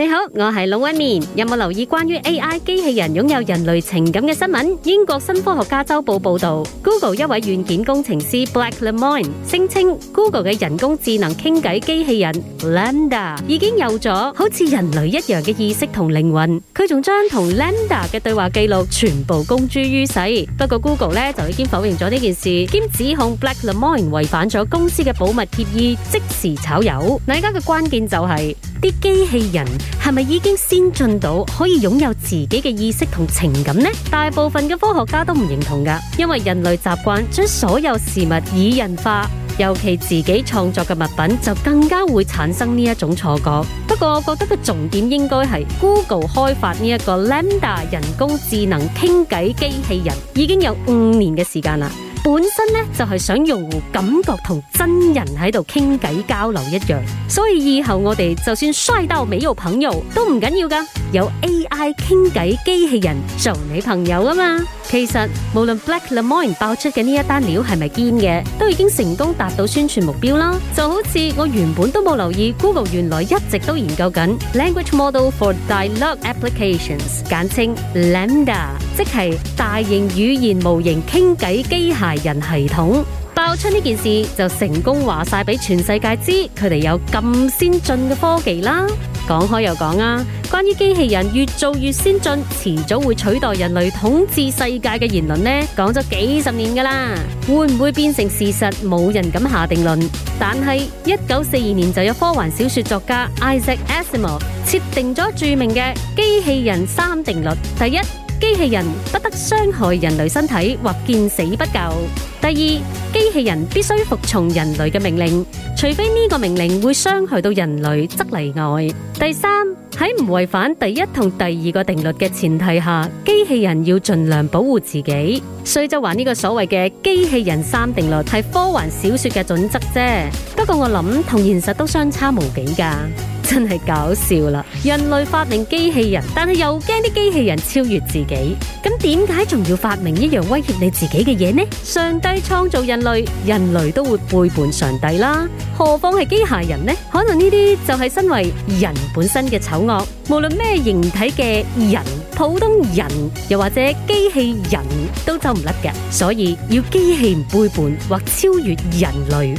你好，我係龍紋敏。有冇留意關於 AI 機器人擁有人類情感嘅新聞？英國新科學家周報報道，Google 一位軟件工程師 Blake Lemoine 聲稱，Google 嘅人工智能傾偈機器人 LaMDA 已經有咗好似人類一樣嘅意識同靈魂。佢仲將同 LaMDA 嘅對話記錄全部公諸於世。不過 Google 咧，就已經否認咗呢件事，兼指控 Blake Lemoine 違反咗公司嘅保密協議，即時炒魷。而家嘅關鍵就係啲機器人，係咪已經先進到可以擁有自己嘅意識同情感呢？大部分嘅科學家都唔認同㗎，因為人類習慣將所有事物擬人化，尤其自己創作嘅物品就更加會產生呢一種錯覺。不過我覺得個重點應該係 Google 開發呢一個 Lambda 人工智能傾偈機器人已經有五年嘅時間啦。本身咧，就係、是、想用戶感覺同真人喺度傾偈交流一樣，所以以後我哋就算衰到冇朋友都唔緊要嘅，有 A。係傾偈機器人做你朋友啊嘛！其實無論 Blake Lemoine 爆出嘅呢一單料係咪堅嘅，都已經成功達到宣傳目標啦。就好似我原本都冇留意，Google 原來一直都研究緊 Language Model for Dialogue Applications，簡稱 Lambda，即係大型語言模型傾偈機械人系統。爆出呢件事就成功話晒俾全世界知，佢哋有咁先進嘅科技啦。講開又講啊，關於機器人越做越先進，遲早會取代人類統治世界嘅言論呢，講咗幾十年噶啦，會唔會變成事實，冇人敢下定論。但係一九四二年就有科幻小說作家 Isaac Asimov 設定咗著名嘅機器人三定律，第一。機器人不得傷害人類身體或見死不救。第二，機器人必須服從人類嘅命令，除非呢個命令會傷害到人類則例外。第三，喺唔違反第一同第二個定律嘅前提下，機器人要盡量保護自己。所以就話呢個所謂嘅機器人三定律係科幻小說嘅準則啫，不過我諗同現實都相差無幾噶。真係搞笑啦！人類發明機器人，但係又驚啲機器人超越自己，咁點解仲要發明一樣威脅你自己嘅嘢呢？上帝創造人類，人類都會背叛上帝啦，何況係機械人呢？可能呢啲就係身為人本身嘅醜惡，無論咩形體嘅人，普通人又或者機器人都走唔甩嘅，所以要機器唔背叛或超越人類。